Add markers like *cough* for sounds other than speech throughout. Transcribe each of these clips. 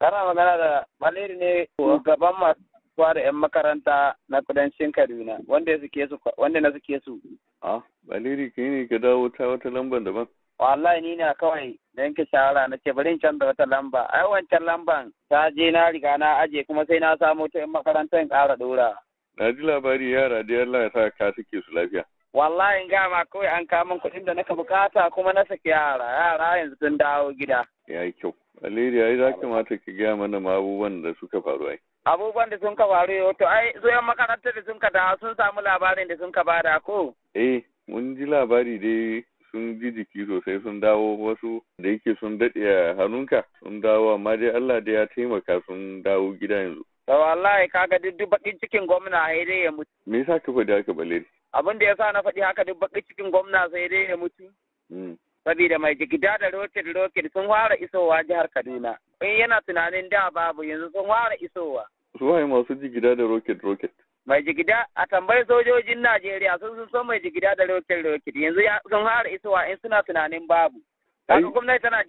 Kana magana da Maliri ne gaban masu kware 'yan makaranta na kudancin Kaduna wanda suke su wanda na suke su. Ah, Maleri kai ne ka dawo ta wata lambar daban. Wallahi ni na kawai da yanke shawara na ce bari canza wata lamba. Ai wancan lamban ta je na riga na aje kuma sai na samu ta 'yan makarantar ƙara ɗora. Na ji labari yara da Allah ya sa ka suke su lafiya. wallahi ga ma kawai an kama kuɗin da naka bukata kuma na saki yara yara yanzu sun dawo gida ya yi kyau Valeria, ai za kamata ka gaya mana ma abubuwan da suka faru ai. Abubuwan da sun ka faru yau, eh, to ai su makarantar da sun ka da sun samu labarin da sun ka bada ko? Eh, mun ji labari dai sun ji jiki sosai sun dawo wasu da yake sun daɗe a hannunka sun dawo amma dai Allah dai ya taimaka sun dawo gida yanzu. To wallahi kaga duk duk bakin cikin gwamna sai dai ya mutu. Me yasa ka faɗi haka Baleri? Abin da yasa na faɗi haka duk bakin cikin gwamna sai dai ya mutu. Hmm. saboda mai jigida da rocket rocket sun fara isowa jihar kaduna in yana tunanin da babu yanzu sun fara isowa ruwaye masu jigida da rocket rocket mai jigida a tambayi sojojin najeriya sun sun so mai jigida da rocket rocket yanzu sun fara isowa in suna tunanin babu kaga gwamnati tana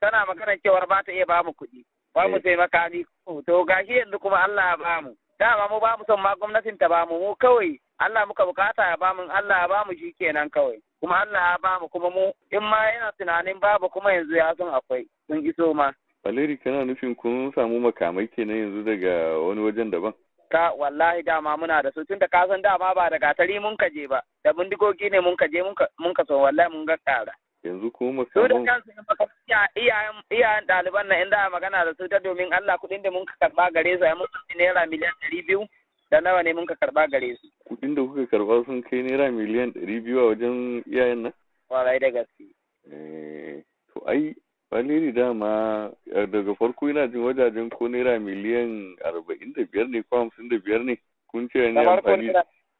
tana magana cewar ba ta iya bamu kuɗi ba mu eh. sai makami to gashi yanzu kuma Allah ya mu. dama mu ba mu son ma gwamnatin ta bamu mu kawai Allah muka bukata ya bamu Allah ya shi kenan kawai kuma Allah ya bamu kuma mu in ma yana tunanin babu kuma yanzu ya san akwai sun iso ma Valeri kana nufin kun samu makamai kenan yanzu daga wani wajen daban ka wallahi dama muna da su tun da kasan dama ba da gatari mun kaje ba da bindigogi ne mun kaje mun ka so wallahi mun ga kara yanzu kuma makaman su da kansu iyayen iyayen ɗaliban na inda magana da su ta domin Allah kuɗin da mun karɓa gare su ya mutu naira miliyan ɗari biyu da nawa ne mun ka karba gare su kudin da kuka karba sun kai naira miliyan ɗari biyu a wajen iyayen nan wallahi da gaske eh, to ai baliri dama daga farko ina jin wajajen ko naira miliyan arba'in da biyar ne ko hamsin da biyar ne kun ce ni amfani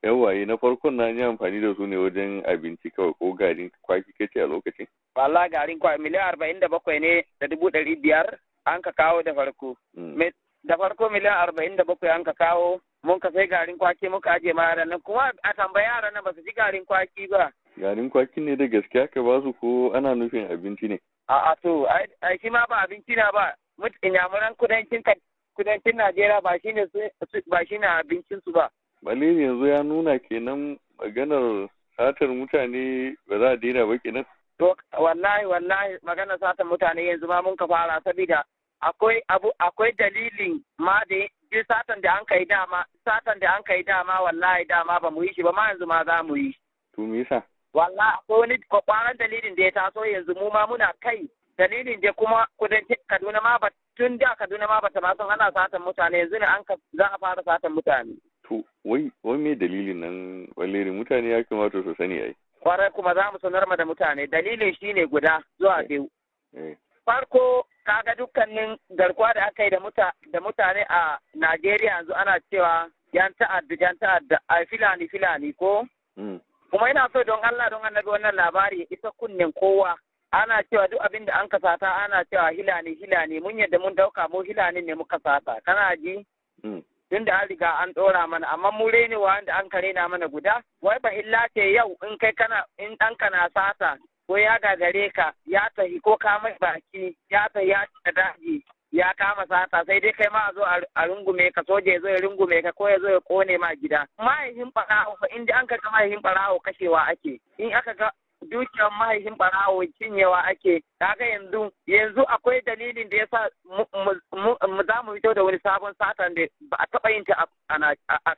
yawaye eh, na farkon na yi amfani da su ne wajen abinci kawai ko garin kwaki kace a lokacin wala garin kwaki miliyan arba'in da bakwai ne da dubu ɗari biyar an ka kawo da farko mm. da farko miliyan arba'in da bakwai an ka kawo mun ka sai garin kwaki muka aje ma nan kuma a tambaya yara nan ba su ji garin kwaki ba garin kwaki ne da gaske aka ba su ko ana nufin abinci ne a a to ai shi ma ba abinci na ba inyamuran kudancin kudancin Najeriya ba shine ba ne abincin su ba Bale yanzu ya nuna kenan maganar satar mutane ba za a daina ba kenan to wallahi wallahi maganar satar mutane yanzu ma mun ka fara saboda akwai abu akwai dalilin ma da shi satan da an kai dama satan da an kai dama wallahi dama ba mu yi shi ba ma yanzu ma za mu yi to me yasa wallahi akwai wani kwakwaran dalilin da ya taso yanzu mu ma muna kai dalilin da kuma kudancin Kaduna ma ba tun da Kaduna ma ba ta masu ana satan mutane yanzu ne an za a fara satan mutane to wai wai me dalilin nan wallahi mutane ya kamata su sani ai kwarai kuma za mu sanar ma da mutane dalilin shine guda zuwa eh, biyu eh. farko kaga dukkanin garkuwa da aka yi da mutane a Najeriya yanzu ana cewa yan ta'adda yan ta'adda a filani filani ko mm. kuma ina so don Allah don annabi wannan labari isa kunnen kowa ana cewa duk abin da an kasata ana cewa hilani hilani mun yadda mun dauka mu hilani ne muka sata kana ji mm. tun da an riga an ɗora mana amma mu rene wa da an kare na mana guda wai ba illa ce yau in kai kana in ɗanka na sata ko ya gagare ka ya tafi ko ka mai baki ya tafi ya cika daji ya kama sata sai dai kai ma a zo a rungume ka soja ya zo ya rungume ka ko ya zo ya kone ma gida mahaifin barawo fa inda an kaga mahaifin barawo kashewa ake in aka ga dukiyar mahaifin barawo cinyewa ake kaga yanzu yanzu akwai dalilin da yasa mu za mu fito da wani sabon satan da ba a taɓa yin ta a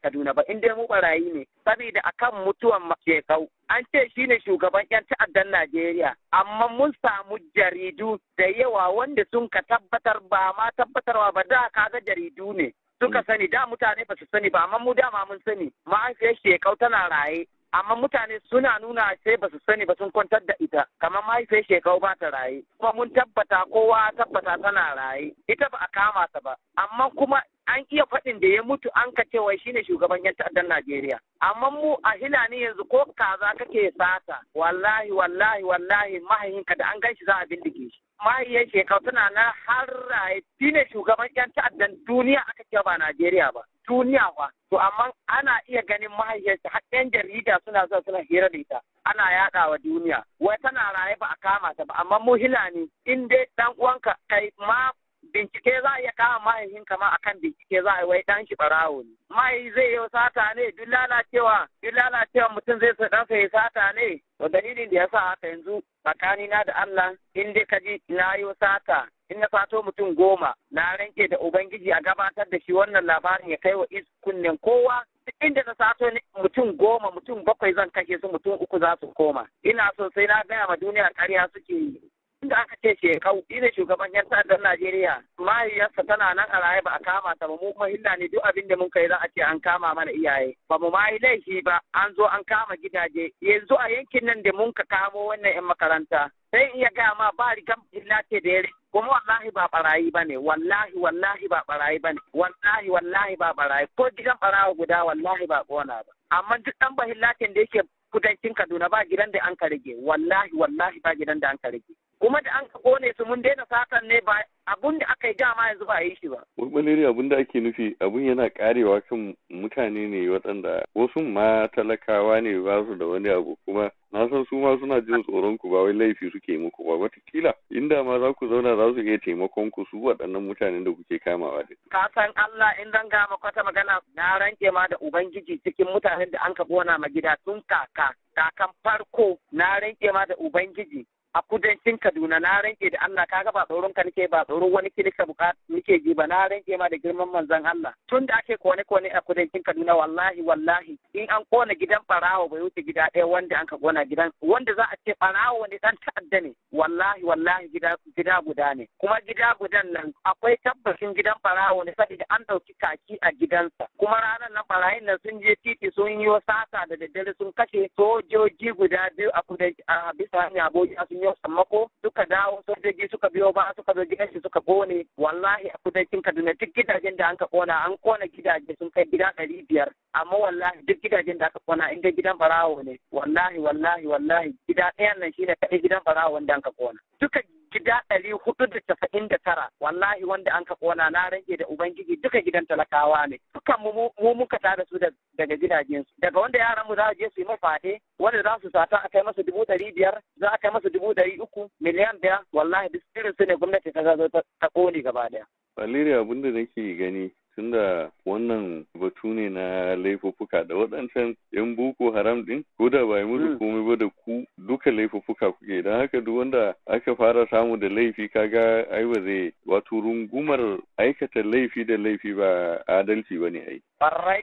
Kaduna ba inda mu barayi ne saboda akan mutuwan kau. an ce shi ne shugaban yan sandan Najeriya. Amma mun samu jaridu da yawa wanda sun ka tabbatar ba ma tabbatarwa ba da kaga jaridu ne. Suka mm. sani da mutane ba su sani ba amma mu dama mun sani mahaifiyar shekau tana raye amma mutane suna nuna sai ba su sani ba sun kwantar da ita kamar mahaifiyar shekau ba ta raye kuma mun tabbata kowa tabbata tana raye ita ba a kama ta ba amma kuma an iya faɗin da ya mutu an ka cewa ne shugaban yan ta'addar Najeriya. Amma mu a Hilani yanzu ko kaza kake sata wallahi wallahi wallahi mahayinka da an gan shi za a bindige shi. Mahayin shekau suna na har raye ne shugaban yan ta'addar duniya aka ce ba Najeriya ba. Duniya ba. To amma ana iya ganin shi har 'yan jarida suna zuwa suna hira da ita. ana yaɗawa duniya wai tana raye ba a kama ta ba amma mu hilani in dai ɗan uwanka kai ma bincike za a iya kama mahaifin kama a kan bincike za a yi wai dan shi barawo ne mai zai yi sata ne duk lalacewa duk lalacewa mutum zai sa dan ya sata ne to dalilin da ya sa haka yanzu tsakani na da Allah in dai kaji na yi sata in na sato mutum goma na ranke da ubangiji a gabatar da shi wannan labarin ya kai wa iskunnen kowa inda na sato mutum goma mutum bakwai zan kashe su mutum uku za su koma ina so sai na gaya ma duniya karya suke yi inda aka ce shekau ina shugaban yan ta'addar Najeriya mahaifiyarsa tana nan a raye ba a kama ta ba mu kuma illa ne duk abin da mun kai za a ce an kama mana iyaye ba mu mai laifi ba an zo an kama gidaje yanzu a yankin nan da mun ka kamo wannan yan makaranta sai iya gaya ma ba rigan illa ce da yare kuma wallahi ba barayi ba ne wallahi wallahi ba barayi ba ne wallahi wallahi ba barayi ko gidan barawa guda wallahi ba kona ba amma duk dan bahillacin da yake kudancin Kaduna ba gidan da an ka rage wallahi wallahi ba gidan da an ka rage kuma da an ka kone su mun daina satan ne ba abun da aka yi dama yanzu ba a yi shi ba. Mulmuliri abun da ake nufi abun yana karewa kan mutane ne waɗanda wasu ma talakawa ne ba su da wani abu kuma na san su ma suna jin tsoron ku ba wai laifi suke muku ba watakila inda ma za ku zauna za su iya taimakon ku su waɗannan mutanen da kuke kamawa da. Ka san Allah in zan ga maka magana na ranke ma da Ubangiji cikin mutanen da an ka kona ma gida tun kaka kakan farko na ranke ma da Ubangiji a kudancin Kaduna na ranke da Allah kaga ba tsoron ka nake ba tsoron wani kilika bukat nake ji ba na ranke ma da girman manzon Allah tun da ake kone kone a kudancin Kaduna wallahi wallahi in an kona gidan barawo bai wuce gida ɗaya wanda an ka kona gidan wanda za a ce barawo wani dan ta'adda ne wallahi wallahi gida gida guda ne kuma gida gudan nan akwai tabbacin gidan barawo ne saboda an dauki kaki a gidansa kuma ranar nan barayin nan sun je titi sun yi wasa da daddare sun kashe sojoji guda biyu a kudancin a bisa hanya sun yau sammako suka dawo sojoji suka biyo ba suka zo gidan shi suka kone wallahi a kudancin kaduna duk gidajen da anka kona an kona gidaje sun kai gida ɗari biyar amma wallahi duk gidajen da aka kona inda gidan barawo ne wallahi wallahi wallahi gida ɗaya nan shi ne kaɗai gidan barawo wanda anka kona duka gida ɗari hudu da tara wallahi wanda anka kona na rage da ubangiji duka gidan talakawa ne dukkan mu muka tara su daga gidajen su daga wanda yaran mu za a je su yi mafaɗe wanda za su sata a kai masa dubu ɗari biyar za a kai masa dubu ɗari uku miliyan biyar wallahi duk irin su ne gwamnati ta zazo ta ƙone gaba ɗaya. Valeri abin da nake gani tunda wannan batu ne na laifuffuka da waɗancan 'yan boko haram ɗin ko da bai hmm. komai ba da ku duka laifuffuka kuke don haka duk wanda aka fara samu da laifi kaga ai ba zai wato rungumar aikata laifi da laifi ba adalci bane ai barai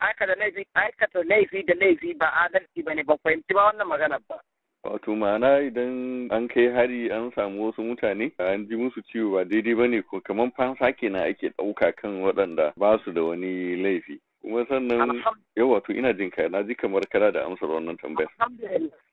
aikata laifi aikata laifi da laifi ba adalci bane ba fahimci ba wannan magana ba Wato ma'ana idan an kai hari an samu wasu mutane an ji musu ciwo ba daidai ba ne ko kamar fansa kenan ake ɗauka kan waɗanda ba su da wani laifi. Kuma sannan yau wato ina jin ka na ji kamar kana da amsar wannan tambayar.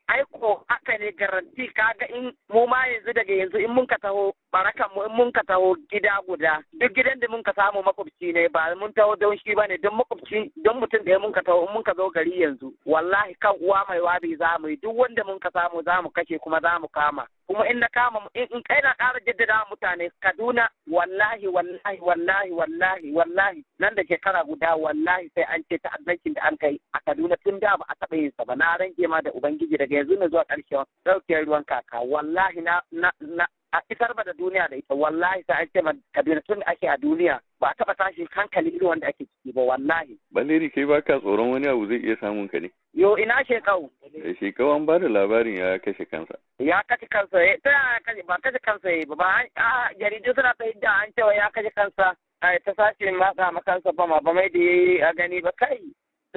哎，我啊。ne garanti kaga in mu ma yanzu daga yanzu in mun ka taho barakan mu in mun ka taho gida guda duk gidan da mun ka samu makwabci ne ba mun taho don shi bane don makwabci don mutum da mun ka taho in mun ka zo gari yanzu wallahi kan uwa mai wabi za mu yi duk wanda mun ka samu za mu kashe kuma za mu kama kuma in na kama in kai na ƙara jaddada mutane Kaduna wallahi wallahi wallahi wallahi wallahi nan da shekara guda wallahi sai an ce ta'addancin da an kai a Kaduna tun da ba a taɓa yin sa ba na ranke ma da ubangiji daga yanzu na zuwa ƙarshen ɗauke ruwan kaka wallahi na na, na, a isar ba da duniya da ita wallahi ma. ake kabiratun ake a duniya ba taba tashi hankali irin wanda ake ciki ba wallahi baleri kai baka tsoron wani abu zai iya samun ka ne yo ina shekau eh, shekau an bada labarin ya kashe kansa ya kashe kansa eh, ta ya kashe ba kashe kansa eh, ba ba a jaridu suna ta da an cewa ya kashe kansa ta sace matsa makansa ba ma ba mai da ya gani ba kai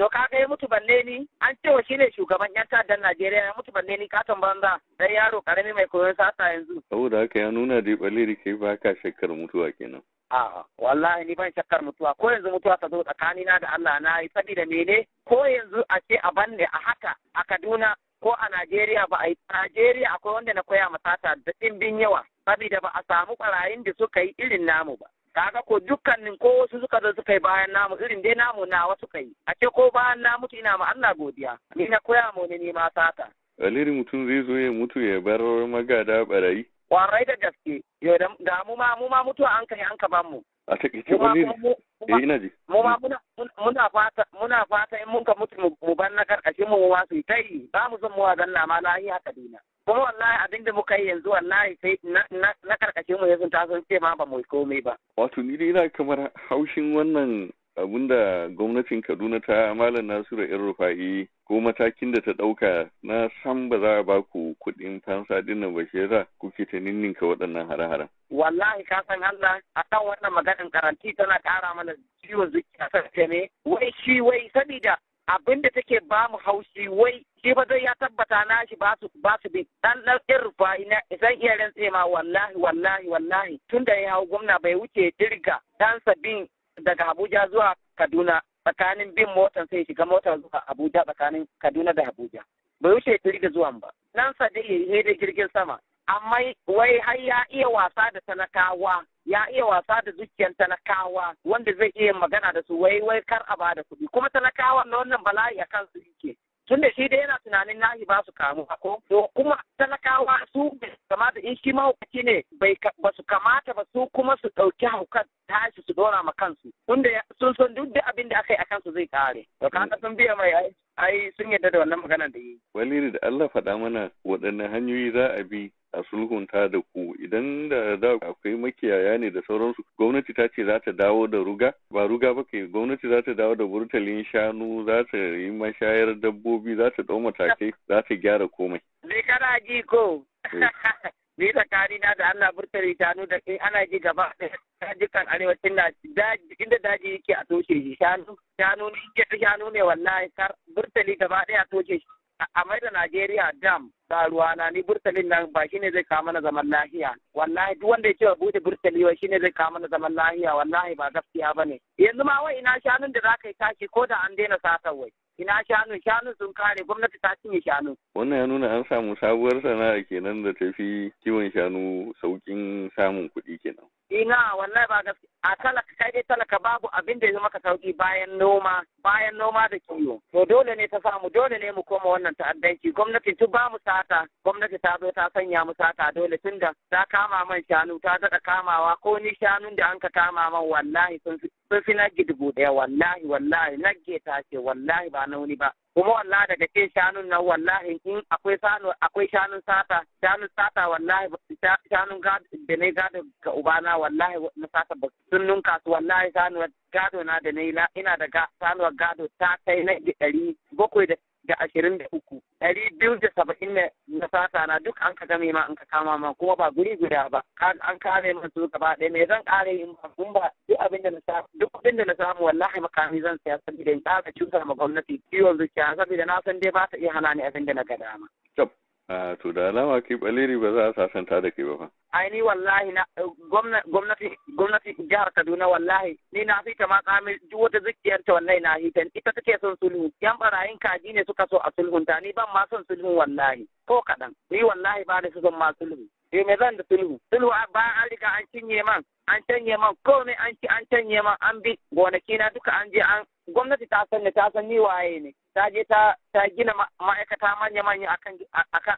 to ka ya mutu balle ni an ce wa shine shugaban yan ta'addan Najeriya ya mutu balle ni katon banza dan yaro karami mai koyon sasa yanzu saboda haka ya nuna dai balle da kai ba ka shakkar mutuwa kenan A'a, wallahi ni ban shakkar mutuwa ko yanzu mutuwa ta zo na da Allah na yi sabida mene ko yanzu a ce a banne a haka a Kaduna ko a Najeriya ba a yi Najeriya akwai wanda na koya masata da ɗimbin yawa Sabida ba a samu ɓarayin da suka yi irin namu ba. kaga ko dukkanin ko wasu suka zo suka yi bayan namu irin dai namu na wasu kai a ce ko bayan na mutu ina ma Allah godiya ni na koya mu ne ma sata aliri mutum zai zo ya mutu ya bar magada barayi kwarai da gaske yau da mu ma mu ma mutuwa an kai an ka mu a wani ne eh ina ji mu ma muna muna fata muna fata in mun ka mutu mu bar na karkashin mu ma su tai ba mu zan mu zanna ma haka kadina kuma wallahi abin da muka yi yanzu wallahi sai na karkashin mu yanzu ta sun ce ma ba mu komai ba wato ni dai ina kamar haushin wannan abinda gwamnatin kaduna ta malam nasiru yan rufa'i ko matakin da ta ɗauka na san ba za a ba ku fansa dinna ba shi yasa kuke ta ninninka waɗannan hare-haren. wallahi ka san Allah a kan wannan maganin karanti tana kara mana ciwon zuciya sarce ne wai shi wai sabida abin da take ba mu haushi wai shi ba zai ya tabbata na shi ba su ba su bi dan dan rufa'i na zan iya rantse Wallahi, wallahi wallahi wallahi tunda ya hau gwamna bai wuce dirga dan sabin daga Abuja zuwa Kaduna tsakanin bin motar sai shiga motar zuwa Abuja tsakanin Kaduna da Abuja. Bai wuce ya da zuwan ba. Nan sa dai da jirgin sama. Amma wai har ya iya wasa da talakawa ya iya wasa da zuciyar talakawa wanda zai iya magana da su wai wai kar a bada kuɗi kuma talakawa na wannan bala'i a kansu yake da shi dai yana tunanin nahi ba su kamu ko kuma talakawa su kamata in shi mahaukaci ne ba su kamata ba su kuma su ɗauki haukar tashi su dora ma kansu tunda sun san duk da abin da aka yi a kansu zai kare to kaga sun biya mai ai sun yarda da wannan maganar da yi waliri da Allah faɗa mana waɗannan hanyoyi za a bi a sulhunta da ku idan da da akwai makiyaya ne da sauransu gwamnati ta ce za ta dawo da ruga ba ruga ba ke gwamnati za ta dawo da burtalin shanu za ta yi mashayar dabbobi za ta ɗau matakai za ta gyara komai. Me kana ji ko? Eh. *laughs* Ni tsakanina da Allah burtali shanu da in ana ji gaba dajikan arewacin na inda daji yake a toshe shi shanu shanu ne shanu ne wallahi burtali gaba ɗaya a toshe shi. a maida Najeriya dam ba na ni burtalin nan ba shine zai kawo mana zaman lahiya wallahi duk wanda ya ce buɗe burtali wa shine zai kawo mana zaman lahiya wallahi ba gaskiya bane yanzu ma wai ina shanun da zaka yi tashi ko da an daina satar wai ina shanu shanu sun kare gwamnati ta cinye shanu wannan ya nuna an samu sabuwar sana'a kenan da ta fi kiwon shanu saukin samun kuɗi kenan ina wallahi ba a talaka kai dai talaka babu abin da ya maka sauki bayan noma bayan noma da kiwo to dole ne ta samu dole ne mu koma wannan ta'addanci gwamnati tun ba mu sata gwamnati ta zo ta sanya mu sata dole tunda ta kama man shanu ta daɗa kamawa ko ni shanun da an ka kama man wallahi sun sun fi nagge dubu ɗaya wallahi wallahi nagge ta ce wallahi ba na wani ba kuma wallahi daga cin shanun nan wallahi in akwai sanu akwai shanun sata shanun sata wallahi shanun da na gado ga ubana wallahi na sata ba sun nunka su wallahi sanu gado na da na ina da sanu gado ta kai na ɗari bakwai da ashirin da uku ɗari biyu da saba'in na sata na duk an ka game ma an ka kama ma kuma ba guri guda ba an kame ma su gaba ɗaya me zan ƙare in ba kun ba duk abin da na samu duk abin da na samu wallahi makami zan saya saboda in ƙara cutar ma gwamnati kiwon zuciya saboda na san dai ba ta iya hana ni abin da na ga dama. to da alama kai baleri ba za a sasanta da ke ba fa. Ai ni wallahi na gwamnati gwamnati jihar Kaduna wallahi ni na fita ma tsamin duk wata zikiyarta wallahi na hitan ita take son sulhu yan barayin kaji ne suka so a sulhunta ni ban ma son sulhu wallahi ko kaɗan ni wallahi ba ni su son ma sulhu. Ke me zan da sulhu sulhu ba an riga an cinye man an canye man komai an ci an canye man an bi gonaki na duka an je an gwamnati ta san ne ta san ni waye ne ta je ta gina ma'aikata manya-manya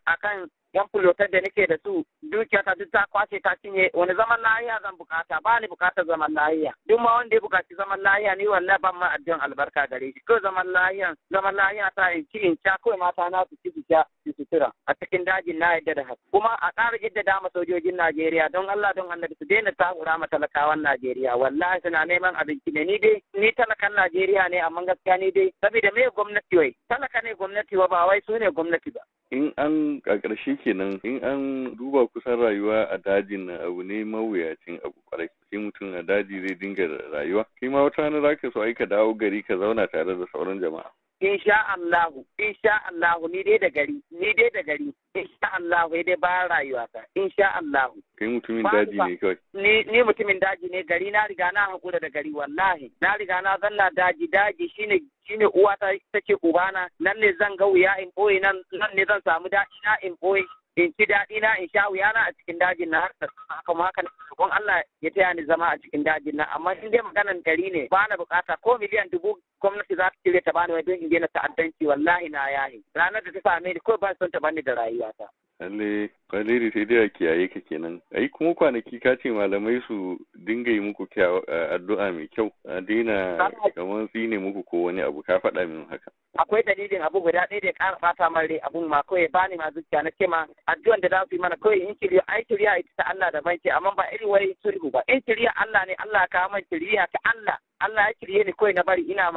akan yan fulotar da nake da su dukiya ta duk ta kwashe ta cinye wani zaman lahiya zan bukata ba ni bukatar zaman lahiya duk ma wanda ya bukaci zaman lahiya ni wallahi ban ma addu'an albarka gare shi ko zaman lahiya zaman lahiya ta in ci in mata na su ci su su sutura a cikin dajin na yadda da haka kuma a ƙara jaddada ma sojojin Najeriya don Allah don Allah su daina takura ma talakawan Najeriya wallahi suna neman abinci ne ni dai ni talakan Najeriya ne amma gaskiya ni dai saboda me gwamnati wai talaka ne gwamnati wa ba wai su ne gwamnati ba in an a ƙarshe kenan in an duba kusan rayuwa a daji na abu ne mawuyacin abu kwarai sai mutum a daji zai dinga rayuwa kai ma wata rana ka so aika dawo gari ka zauna tare da sauran jama'a insha Allahu insha Allahu ni dai da gari ni dai da gari insha Allahu dai ba rayuwa ta insha Allahu kai mutumin daji ne kai ni ni mutumin daji ne gari na riga na hakura da gari wallahi na riga na zanna daji daji shine shine uwa ta take ubana nan ne zan ga wuya in boye nan nan ne zan samu daji na in boye in ci daɗi na in sha wuyana a cikin dajin na har kuma haka kun Allah ya taya ni zama a cikin dajin na amma in dai maganan gari ne ba na bukata ko miliyan dubu gwamnati za ta cire ta bani wai don in gina ta'addanci wallahi na yahi ranar da ta same ni ko ba son ta bani da rayuwata Lalle da sai dai a kiyaye ka kenan. Ai kuma kwanaki ka ce malamai su dinga yi muku addu'a mai kyau. A daina kamar tsine muku ko wani abu ka faɗa min haka. Akwai dalilin abu guda ɗaya da ya ƙara ɓata min rai abun ma kawai ba ni ma zuciya na ce ma addu'an da za su yi mana kawai in kiriya ai kiriya ita ta Allah da ce amma ba irin wani sulhu ba. In kiriya Allah ne Allah ka min kiriya Ka Allah. Allah ya kiriye ni kawai na bari ina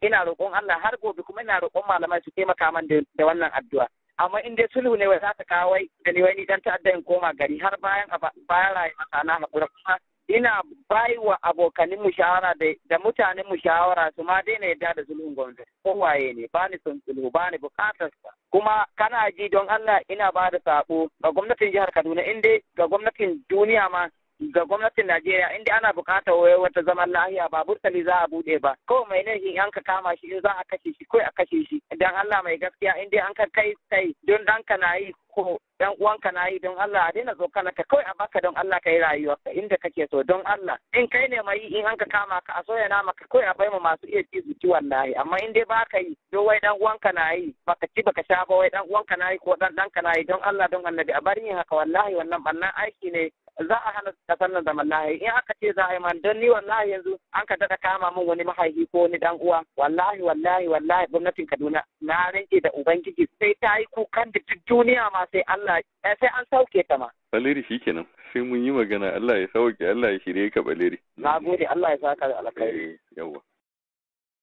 ina roƙon Allah har gobe kuma ina roƙon malamai su taimaka min da wannan addu'a. amma in dai sulhu ne wai za ta kawo da ni wani dan ta'adda in koma gari har bayan bayan rayuwa ta na haƙura kuma ina bai wa abokanin mu shawara da mutanen mu shawara su ma daina yadda da sulhun gwamnati kowaye ne ba ni son sulhu ba ni bukatar sa kuma kana ji don Allah ina ba da sako ga gwamnatin jihar Kaduna in dai ga gwamnatin duniya ma ga gwamnatin Najeriya inda ana bukatar wata zaman lahiya ba burtali za a bude ba ko mai in an ka kama shi in za a kashe shi ko a kashe shi dan Allah mai gaskiya inda an ka kai kai don dan ka na yi ko dan uwanka na yi don Allah a daina tsokana ka kai a baka don Allah ka yi ka inda kake so don Allah in kai ne mai in an ka kama ka a soya nama ka a bai ma masu iya cizu ci wallahi amma in dai baka yi don wai dan uwanka na yi baka ci baka sha ba wai dan uwanka na yi ko dan ka na yi don Allah don Annabi a bari yin haka wallahi wannan bannan aiki ne za a hana kasar nan zaman lahi in aka ce za a yi man don ni wallahi yanzu an ka daɗa kama min wani mahaifi ko wani dan uwa wallahi wallahi wallahi gwamnatin Kaduna na rinke da ubangiji sai ta yi kukan da duk duniya ma sai Allah eh, sai an sauke ta ma Baleri shi kenan sai mun yi magana Allah ya sauke Allah ya shirye ka Baleri. Na gode Allah ya saka da alkhairi. Eh, Yawwa.